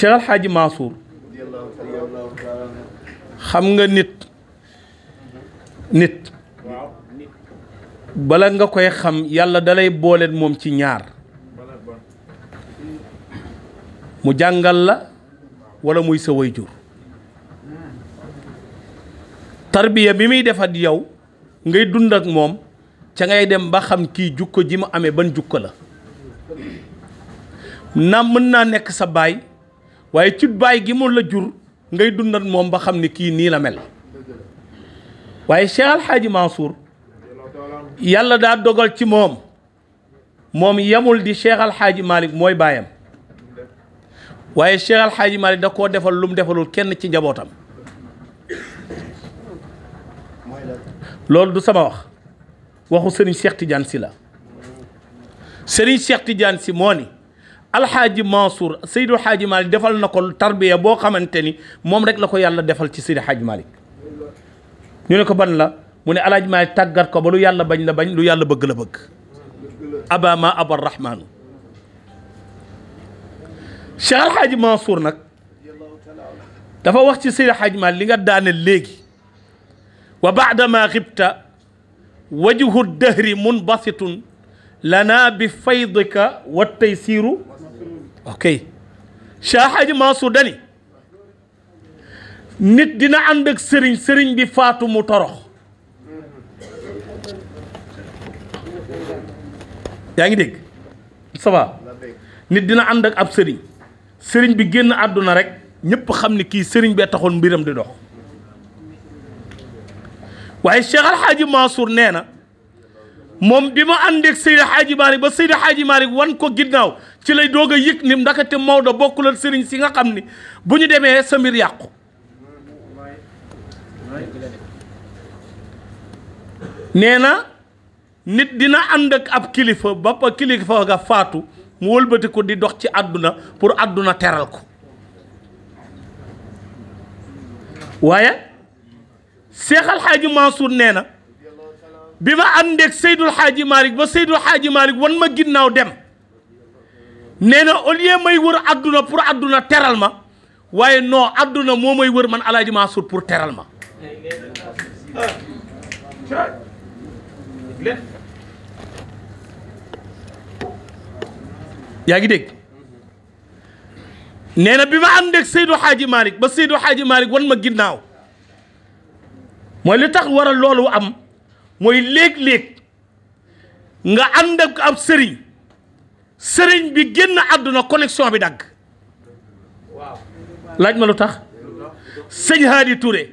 Cheikh Al Hadj xam nga nit nit bala nga koy xam yàlla dalay booleen moom ci ñaar mu jàngal la wala muy sa way jur tarbiya bi muy defat yow ngay dund ak moom ca ngay dem ba xam kii jukko ji mu amee ban jukko la naam mën naa nekk sa baay waaye ci baay gi mu la jur ngay dundat moom ba xam ni kii nii la mel waaye Cheikh Alxaaji Mansour yàlla daa dogal ci moom moom yamul di Cheikh xaaji Malick mooy baayam waaye Cheikh Alxaaji Malick da koo defal lu mu defalul kenn ci njabootam loolu du sama wax waxu Serigne Cheikh si la Serigne Cheikh Tidiane si moo ni alxaaji Mansour Seydou Xaaji Malick defal na ko tarbiya boo xamante ni moom rek la ko yàlla defal ci Seydou Xaaji Malick ñu ne ko ban la mu ne alxaaji Malick tàggat ko ba lu yàlla bañ la bañ lu yàlla bëgg la bëgg aba ma aba rahmaanu Cheikh alxaaji Mansour nag dafa wax ci Seydou Xaaji Malick li nga daane léegi wa baadama xibta wajhu dahri munbasitun لنا بفيضك والتيسير اوكي شاحج ما سوداني nit dina ànd ak sëriñ sëriñ bi faatu mu torox yaa ngi dégg ça va nit dina ànd ak ab sëriñ sëriñ bi génn àdduna rek ñëpp xam ne kii sëriñ bee taxoon mbiram di dox waaye Cheikh Alhaaji Mansour nee na moom bi ma àndeeg Seydi Hadji ba Seydi Hadji Malick wan ko ginnaaw ci lay doog a yëg ni ndakate Maodo bokk leen sëriñ si nga xam ni bu ñu demee sa mbir yàqu nee na nit dina ànd ak ab kilifa ba pa kilifa nga faatu mu wëlbati ko di dox ci àdduna pour àdduna teral ko waaye Seex Alxaaji nee na bi ma àndeeg Seydul Xaaji Malick ba Seydul Xaaji Malick wan ma ginnaaw dem nee na au lieu may wër àdduna pour àdduna teral ma waaye noo àdduna moo may wër man Alaaji Mansour pour teral ma yaa ngi dégg nee na bi ma àndeeg Seydul Xaaji Malick ba Seydul Xaaji Malick wan ma ginnaaw mooy li tax waral loolu am moy leg leg nga ànd ak ab serigne serigne bi génn aduna connexion bi dagg laaj ma lutax serigne hadi Touré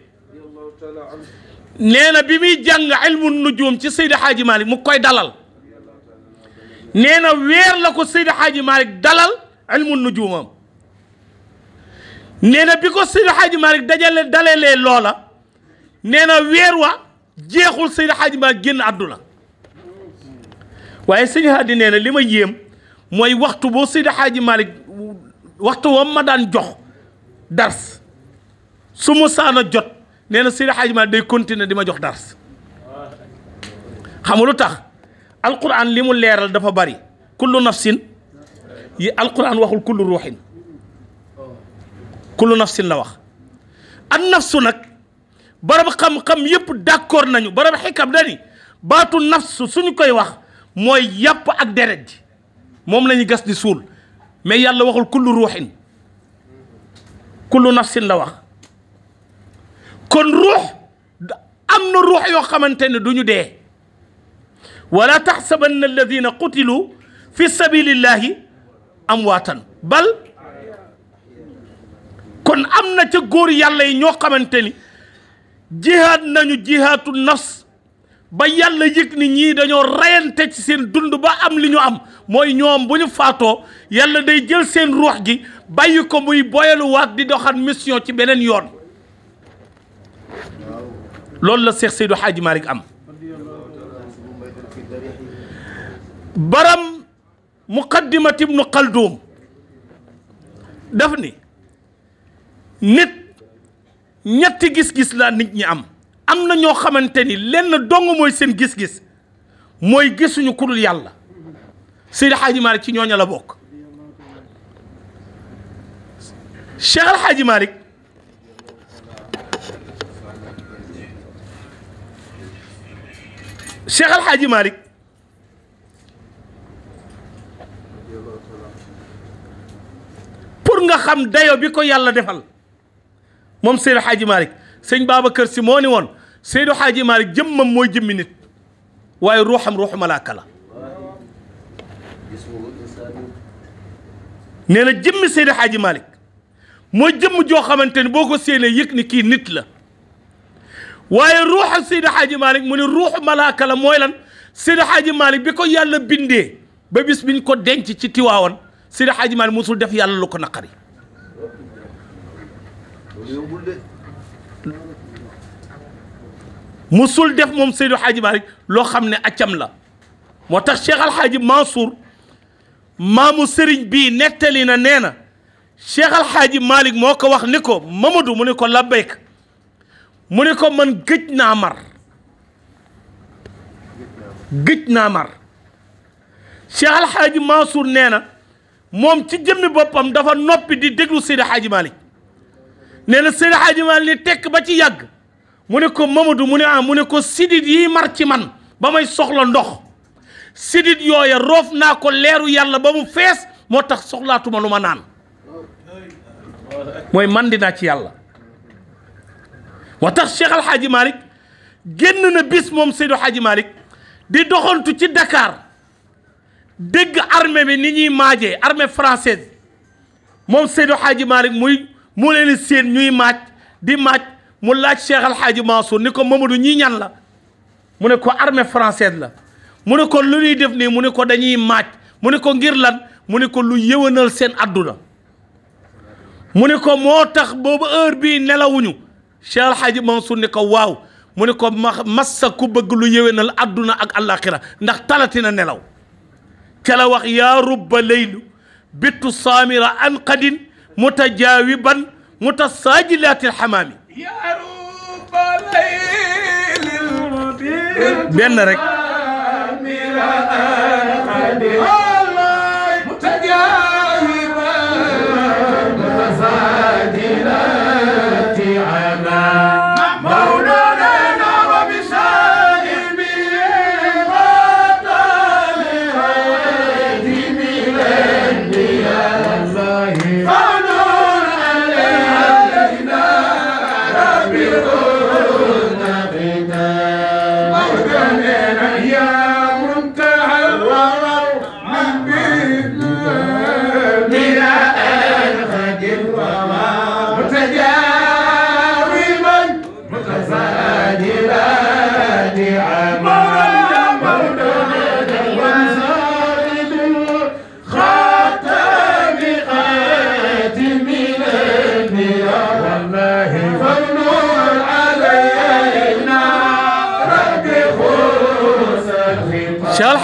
neena bi mi jàng ilmu nujum ci Seydi Xaaji Malik mu koy dalal neena wer la ko Seydi Xaaji Malik dalal ilmu nujumam nee na bi ko Seydi Xaaji Malik dajale dalale lola neena wer wa jeexul Seydi Hadji ma génn aduna waye sëñ Hadji neena lima yem moy waxtu bo Seydi Hadji malik waxtu wam ma dan jox dars sumu sana jot neena na Hadji Malick day continuer dima jox dars xam lu tax alquran limu leral dafa bari kullu nafsin yi alquran waxul kullu ruhin kullu nafsin la wax an nafsu nak barab xam-xam yépp d'accord nañu barab xikam dani baatu nafs suñu koy wax mooy yàpp ak deret ji moom la ñu gas di suul mais yàlla waxul kullu ruuxin kullu nafsin la wax kon ruux am na ruux yoo xamante ne du ñu dee wala taxsabanna alladina qutilu fi sabilillahi amwaatan bal kon am na ca góor yàlla yi ñoo xamante ni jihaat nañu jihaatu nafs ba yàlla yëg ni ñii dañoo rayante ci seen dund ba am li ñu am mooy ñoom bu ñu faatoo yàlla day jël seen ruux gi bàyyi ko muy boyaluwaat di doxat mission ci beneen yoon loolu la Seex Seydu Xaaji Maalik am baram muqaddimat ibnu Xalduum daf ni nit ñetti gis-gis laa nit ñi am am na ñoo xamante ni lenn dong mooy seen gis-gis mooy gisuñu ku dul yàlla Seydi Hadji Malick ci ñooña la bokk Cheikh Al Hadji Malick pour nga xam dayo bi ko yàlla defal moom Seydou Hadji Malick sëñ Babacar si moo ni woon Seydou Hadji Malick jëmmam mooy jëmmi nit waaye ruuxam ruuxu malaaka la nee na jëmmi Seydou Hadji Malick mooy jëmm joo xamante ni boo ko ni kii nit la waaye ruuxu Seydou Hadji Malick mu ne ruuxu malaaka la mooy lan Seydou Hadji Malick bi yàlla bindee ba bis biñ ko denc ci Tiwaawan Seydou Hadji Malick mosul def yàlla lu ko naqari musul def mom seydou Hadji Malick lo xamne ne accam la motax Cheikh Al Hadji Mansour maamu Serigne bi nettali na nee Cheikh Al Hadji malik moko wax niko Mamadou muniko labbek muniko man gëj mar gëj mar Cheikh Al Hadji Mansour neena mom ci jëmmi bopam dafa noppi di déglu seydou Hadji malik nee na Seydi Hadji Malick ni tekk ba ci yàgg mu ne ko Mamadou mu ne ah mu ne ko sidit yi mar man ba may soxla ndox sidit yooya roof naa ko leeru yàlla ba mu fees moo tax soxlaatuma lu ma naan mooy man dinaa ci yàlla moo tax Cheikh Al Hadji Malick génn na bis moom Seydi Hadji Malick di doxantu ci dakaar dégg armée bi ni ñuy maajee armée française moom Seydi Hadji Malick muy moo leen di séen ñuy maaj di maaj mu laaj Cheikh Al Hadj Mansour ni ko Mamadou ñii ñan la mu ne ko armée française la mu ne ko lu ñuy def nii mu ne ko dañuy maaj mu ne ko ngir lan mu ne ko lu yëwanal seen adduna mu ne ko moo tax boobu heure bii nelawuñu Cheikh Al Hadj Mansour ni ko waaw mu ne ko ma massa ku bëgg lu yëwanal adduna ak àllaaxira ndax talatina nelaw ca la wax yaa rubba laylu bittu saamira an qadin متجاوبا متساجلات الحمام يا روب ليل بين رك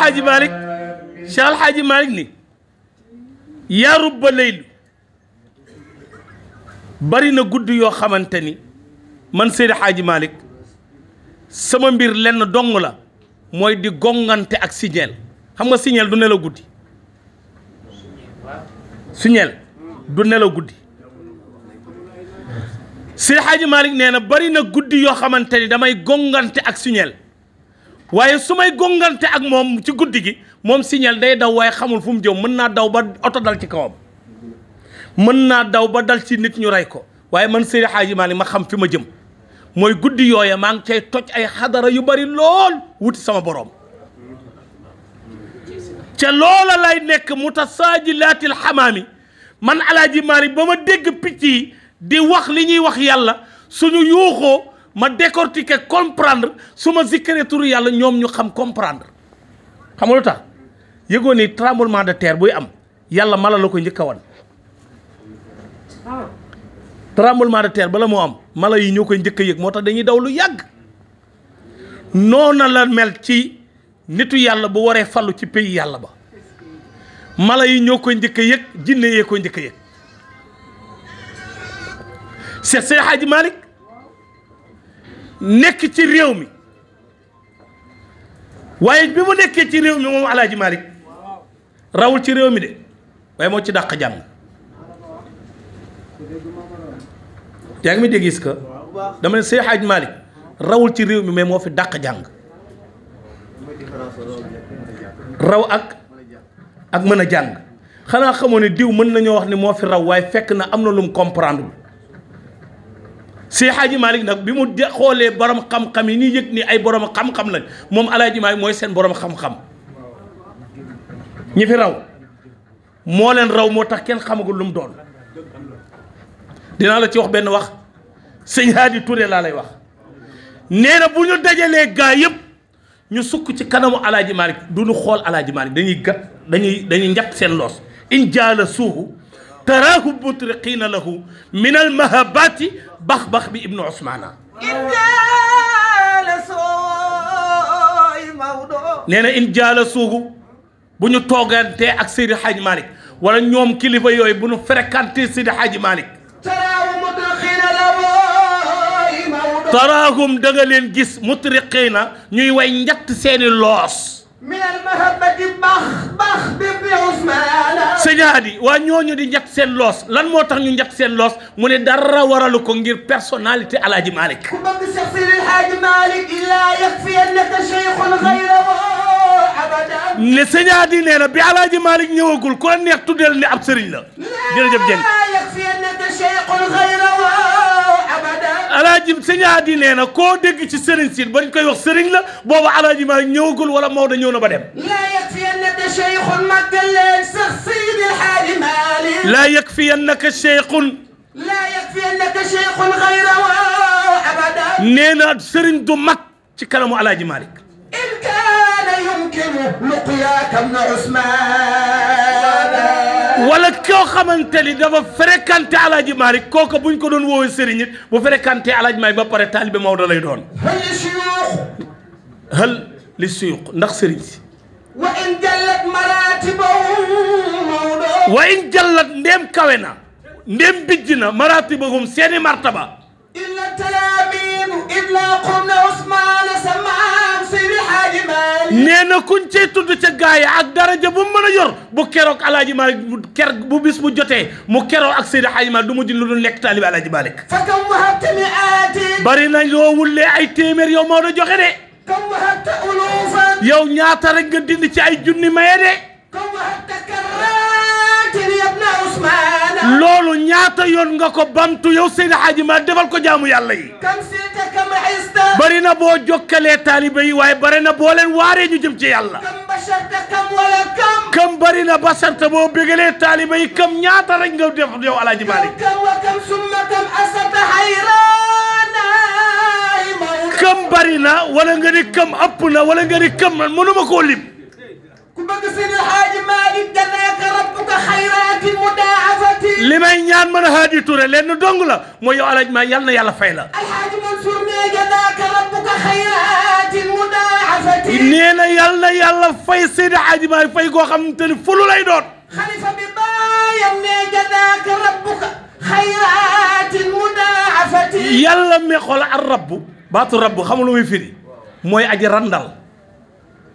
Alxaaji Malik Cheikh Alxaaji Malik ni bari na gudd yoo xamante ni man Seydi Xaaji Malik sama mbir lenn dong la mooy di gongante ak signal xam nga signal du nelaw guddi signal du nelaw guddi Seydi Xaaji Malik nee na bari na guddi yoo xamante ni damay gongante ak signal waaye su may gongante ak moom ci guddi gi moom signal day daw waaye xamul fu mu jëm mën naa daw ba oto dal ci kawam mën naa daw ba dal ci nit ñu rey ko waaye man Seydi Hadji Malick ma xam fi ma jëm mooy guddi yooya maa ngi cay toj ay xadara yu bari lool wuti sama boroom ca loola lay nekk mu mutasajilaatil xamaami man alaaji Malick ba ma dégg picc yi di wax li ñuy wax yàlla suñu yuuxoo ma décortiquer comprendre su ma sikkaree turu yàlla ñoom ñu xam comprendre xam nga lu tax yëgoon ni tremblement de terre buy am yàlla mala la ko njëkk wan tremblement de terre bala moo am mala yi ñoo koy njëkk a yëg moo tax dañuy daw lu yàgg noona la mel ci nitu yàlla bu waree fallu ci pays yàlla ba mala yi ñoo koy njëkk a yëg jinne yee koy njëkk a yëg seet Seydi Hadji nekk ci réew mi waaye bi mu nekkee ci réew mi moom alaaji Malick rawul ci réew mi de waaye moo ci dàq jàng yaa ngi mi dégg gis ka dama ne Sey rawul ci réew mi mais moo fi dàq jàng raw ak ak mën a jàng xanaa xamoo ne diw mën nañoo wax ne moo fi raw waaye fekk na am na lum comprendre si Hadji Malick nag bi mu xoolee borom xam-xam yi ni yëg ni ay borom xam-xam lañ moom Alaaji Malick mooy seen borom xam-xam ñi fi raw moo leen raw moo tax kenn xamagul lu mu doon dinaa la ci wax benn wax sëñ Hadi Touré laa lay wax nee na bu ñu dajalee gaa yëpp ñu sukk ci kanamu Alaaji Malick du ñu xool Alaaji Malick dañuy gat dañuy dañuy njàpp seen loos injaala suuhu تراه مطرقين له من المهبات بخ بخ بابن عثمان نينا ان جالسوه بونو توغانتي اك سيدي حاج مالك ولا نيوم كليفا يوي بونو فريكانتي سيدي حاج مالك له تراهم دغالين جس مطرقين ني واي نيات سيني لوس sëñaadi waa ñooñu di njat seen loos lan moo tax ñu njat seen loos mu ne dara waralu ko ngir personnalité alaaji Malick ku bëgg Cheikh Seydi Alaaji Malick illaa yakfiyannaka cheikhun xayrahu abadan ne sëñaadi nee na bi alaaji Malick ñëwagul ku la neex tuddeel ne ab sëriñ la jërëjëf Dieng alaaji sëñ Hady nee na koo dégg ci sëriñ si bañ koy wax sëriñ la boobu alaaji maa ñëwagul wala Maodo ñëw na ba dem. laa yakfiyannaka cheikhun màggal leen sax Seydi El Hadji Malick. laa yakfiyannaka cheikhun. laa yakfiyannaka cheikhun xayra wa abada. nee na sëriñ du mag ci kanamu alaaji Malick. in kaana yumkinu luqiyaaka ibn Usmaan wala koo xamante ni dafa fréquenté alaaji Maalik kooka buñ ko doon woowee sëriñ it bu fréquenté alaaji Maalik ba pare taalibe Maodo lay doon. hal li suyuux. hal li suyuux ndax sëriñ si. wa in jallat maraatibahum Maodo. wa in jallat ndéem kawe na. ndéem bijj na maraatibahum seeni martaba. illa talaamiinu illa qum na Ousmane sama. nee na kuñ cee tudd ca gaaya ak daraja bu mën a yor bu keroog alaaji Malik bu ker bu bis bu jotee mu keroog ak Seydi Haaji Malik du mu jin lu dul nekk taalibi alaaji Malik bari na loo wullee ay téeméer yow moo da joxe de yow ñaata rek nga dindi ci ay junni maye de loolu ñaata yoon nga ko bamtu yow Seydi Hadji Malick defal ko jaamu yàlla yi. bari na boo jokkalee taalibe yi waaye bari na boo leen waaree ñu jëm ci yàlla. kam bari na basarta boo bégalee taalibe yi kam ñaata rek nga def yow El Hadji Malick. kam bari na wala nga ni kam ëpp na wala nga ni kam mënuma koo lim. كبك لمن يان من هادي توري لأن دونغلا مو يو على ما يلنا يلا فايلا الحاج منصور جزاك ربك خيرات مضاعفة نينا يلا يلا فاي سيدي الحاج مالك فاي كو خامتني فلو لاي دون خليفة ببايم جزاك ربك خيرات مضاعفة يلا مي خول الرب باتو رب خملو مي فيري موي اجي راندال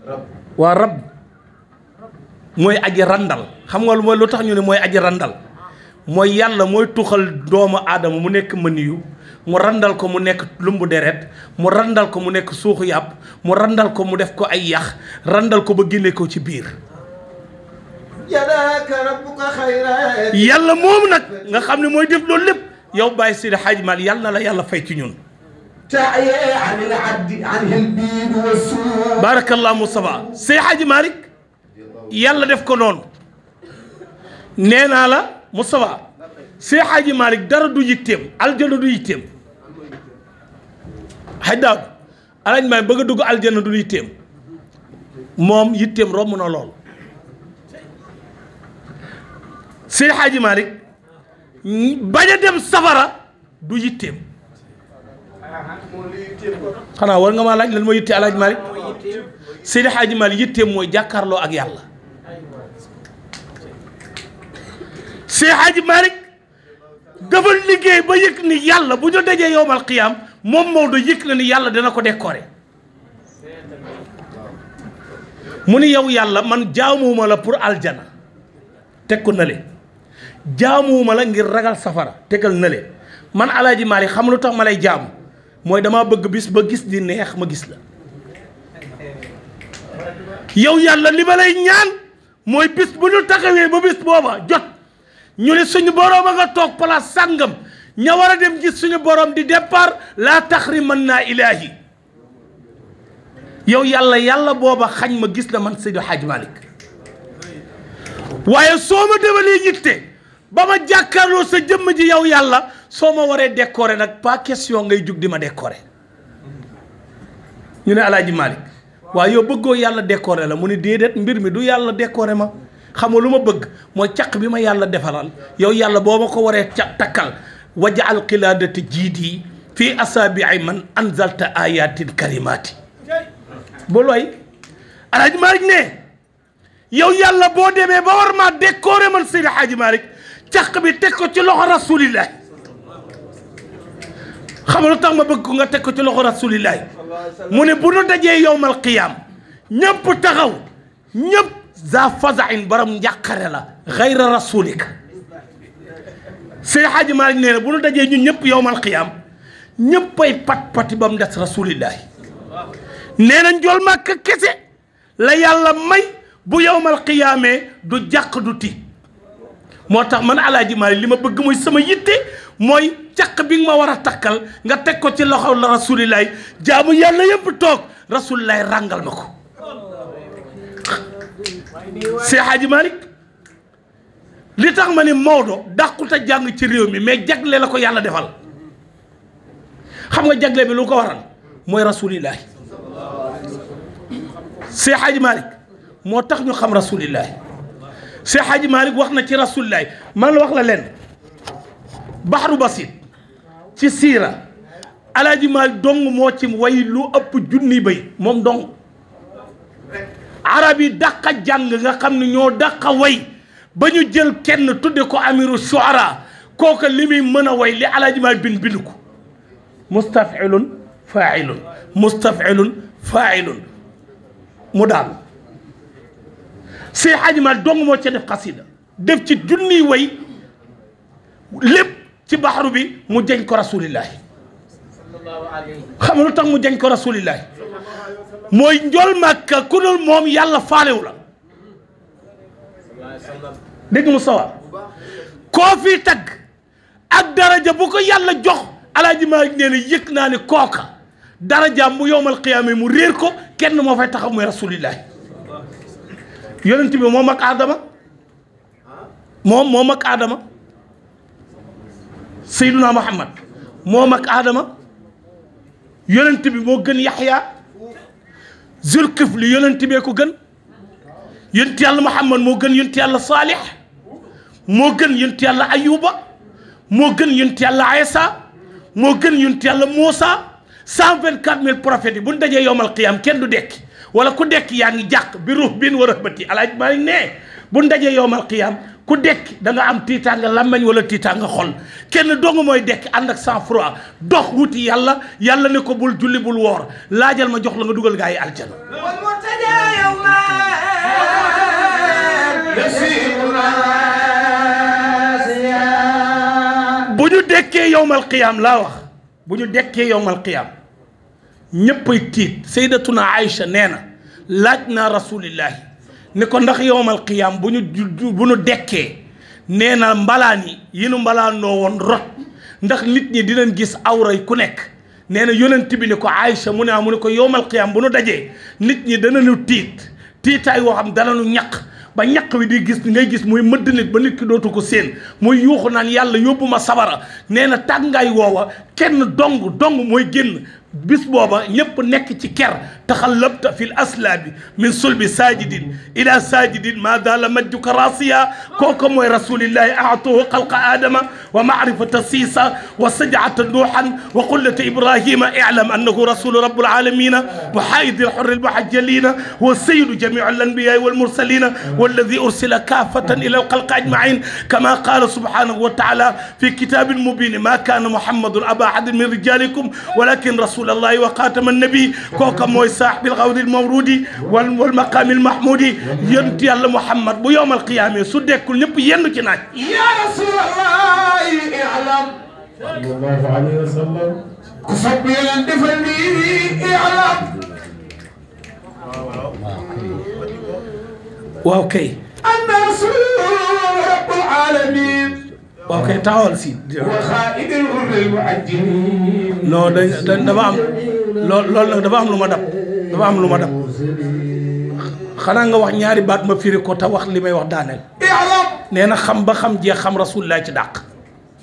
رب ورب mooy aji randal xam nga lu mooy lu tax ñu ne mooy aji randal mooy yàlla mooy tuxal doomu aadama mu nekk mëniyu mu randal ko mu nekk lumbu deret mu randal ko mu nekk suuxu yàpp mu randal ko mu def ko ay yax randal ko ba génne ko ci biir yàlla moom nag nga xam ne mooy def loolu lépp yow bàyyi Seydi Hadji Mal yàlla na la yàlla fay ci ñun baarakallahu Moustapha Seydi Hadji Malick yàlla def ko noonu nee naa la Moustapha Seex Xaaji Malick dara du yitteem aljana du yitteem xaj daaw alaaj maay bëgg a dugg aljana du yitteem moom yitteem romb na lool Seex Xaaji Malick bañ a dem safara du yitteem xanaa war nga maa laaj lan mooy yitte alaaj Malick Seydi Xaaji Malick yitteem mooy jàkkaarloo ak yàlla Cheikh Hadji Malick dafa liggéey ba yëg ni yàlla bu ñu dajee yowmal qiyaam moom Maodo yëg na ni yàlla dana ko décorer mu ni yow yàlla man jaamuwuma la pour aljana teg ko nale jaamuwuma la ngir ragal safara tegal nale man alaaji Malick xam lu tax ma lay jaamu mooy dama bëgg bis ba gis di neex ma gis la yow yàlla li ma lay ñaan mooy bis bu ñu taxawee ba bis booba jot ñu ne suñu boroom a nga toog place sàngam ña war a dem gis suñu boroom di départ laa tax ri mën naa ilaahi yow yàlla yàlla booba xañ ma gis na man Seydi Hadj Malick waaye soo ma defalee yitte ba ma jàkkaarloo sa jëmm ji yow yàlla soo ma waree décorer nag pas question ngay jug di ma décorer ñu ne El Hadj Malick waaye yow bëggoo yàlla décorer la mu ne déedéet mbir mi du yàlla décorer ma. xamoo luma bëgg mooy caq bi ma yàlla defalal yow yàlla boo ma ko waree ca takkal wajaal qilaadati jiidi fii asaabii man anzalta ayatin kalimati bo looy alhaj malik ne yow yàlla boo demee ba war maa décorer man Seydi Hadji malik caq bi teg ko ci loxo rasulillahi xam lu tax ma bëgg ko nga teg ko ci loxo rasulillahi mu ne bu nu dajee yowmal qiyam ñëpp taxaw ñëpp za fazain borom njàqare la xayra rasulika sey nee na bu nu dajee ñun ñëpp yowmal qiyaam ñëppay pat pati ba mu des rasulillahi nee na njool màkka kese la yàlla may bu yowmal qiyaamee du jàq du ti moo tax man alaaji Maalik li ma bëgg mooy sama yitte mooy caq bi nga ma war a takkal nga teg ko ci loxo la rasulillahi jaamu yàlla yëpp toog rasulillahi ràngal ma ko Seex Haaji Malick li tax ma ne Maodo dàqut a jàng ci réew mi mais jagle la ko yàlla defal xam nga jagle bi ko waral mooy rasulillahi Seex Haaji Malick moo tax ñu xam rasulillahi Seex Haaji Malick wax na ci rasulillahi man wax la leen baxru basit ci siira alaaji Malick dong moo ci way lu ëpp junni bay moom dong arab yi dàqa jàng nga xamni ño ñoo way bañu jël kenn tudde ko amiru shuara koka limi muy way li alaaji ma bin bind ko mustafilun failun mustafilun failun mu dal cheikh xaaji maay dong mo ci def qasida def ci junni way lépp ci bahru bi mu jëñ ko rasulillahi xam lu tax mu jëñ ko rasulillah mooy njol màkka ku dul moom yàlla faalewu la dégg mu sawa koo fii tagg ak daraja bu ko yàlla jox alaaji Maalik nee na yëg naa ne kooka darajaam bu yowmal qiyaama mu réer ko kenn moo fay taxaw mooy rasulillahi yonent bi ak aadama moom moom ak aadama sayduna muhammad moom ak aadama yonent bi gën yaxya zulkif li yonent bee ko gën yonent yàlla muhammad moo gën yonent yàlla saalix moo gën yonent yàlla ayuba moo gën yonent yàlla aysa moo gën yonent yàlla muusa cent vingt quatre mille prophètes yi bu ñu dajee yowmal qiyaam kenn du dekki wala ku dekki yaa ngi jàq bi ruux biin wa rëhbati alaaj nee bu ñu dajee yowmal qiyaam ku dekk da nga am tiitaanga làmmañ wala tiitaanga xol kenn dong mooy dekk ànd ak sang froid dox wuti yàlla yàlla ne ko bul julli bul woor laajal ma jox la nga dugal gaa yi aljana bu ñu dekkee yowmal qiyaam laa wax bu ñu dekkee yowmal qiyaam ñéppay tiit saydatuna Aïcha nee na laaj naa rasulillahi ni ko ndax yowmal qiyaam bu ñu bu ñu dekkee nee na mbalaan yi yi nu mbalaanoo woon rot ndax nit ñi dinañ gis awray ku nekk nee na yonent bi ni ko Aïcha mu ne ah mu ne ko yowmal qiyaam bu nu dajee nit ñi danañu tiit tiitaay woo xam danañu ñaq ba ñaq wi di gis ngay gis muy mëdd nit ba nit ki dootu ko séen muy yuuxu naan yàlla yóbbu ma sabara nee na tàngaay woowa kenn dong dong mooy génn bis booba ñëpp nekk ci ker taxallabta fi l aslaabi min sulbi sajidin ila sajidin ma dala majjuka rasiya kooku mooy rasulillahi aatuhu xalqa aadama wa maarifata siisa wa sajaata nuuxan wa qullata ibrahima iclam annahu rasulu rabu alalamina wa xaayidi alxorri almuhajjalina wa sayidu jamici alambiyai walmursalina walladi ursila kaafatan ila alxalqi ajmain kama qala subhanahu wa taala fi kitabin mubini ma kana muhammadun aba ahadin min rijalikum walakin rasul رسول الله وخاتم النبي كوكا موي صاحب الغود المورودي والمقام المحمودي ينت الله محمد بيوم القيامه سودكول نيب ين سي ناج يا رسول الله اعلم الله عليه وسلم كفك بيلن دفندي اعلم واو واو واو كي ان رسول رب العالمين waaw kay taxawal si. non dañ dañ dafa am lool nag dafa am lu ma dab dafa am lu ma dab xanaa nga wax ñaari baat ma firi ko te wax li may wax daaneel. nee na xam ba xam jee xam rasulullah ci dàq.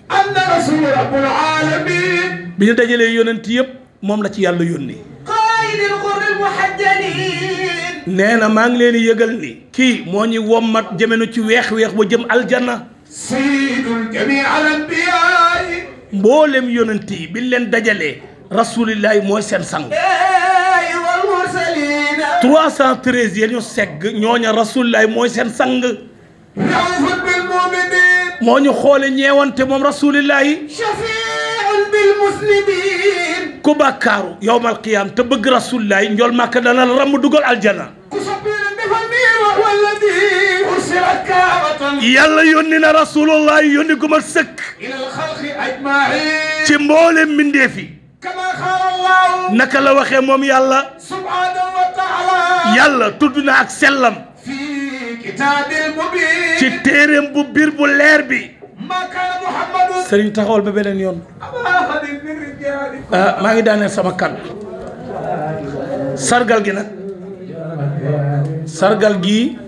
anna rasul rabbul alamin bi ñu dajalee yónent yépp moom la ci yàlla yónni. nee na maa ngi leen di yëgal ni. kii moo ñu wommat jëmenu ci weex weex ba jëm aljanna. sayyidul jamii al anbiyaay mboolem yonent yi bi leen dajalee rasulillahi mooy seen sang wal mursalin trois cent treize ya ñu segg ñooña rasulillahi mooy seen sang rawfun bil muminin moo ñu xoole ñeewante moom rasulillahi shafiun bil muslimin ku bàkkaaru yowmal qiyaam te bëgg rasulillahi njool màkk dana la ramm dugal aljana yàlla yónni na rasulullah yónni gu ma sëkk ci mboolem mbindeef yi naka la waxee moom yàlla yàlla tudd na ak sellam ci téereem bu biir bu leer bi sëriñ taxawal ba beneen yoon ah maa ngi daaneel sama kan sargal gi nag sargal gi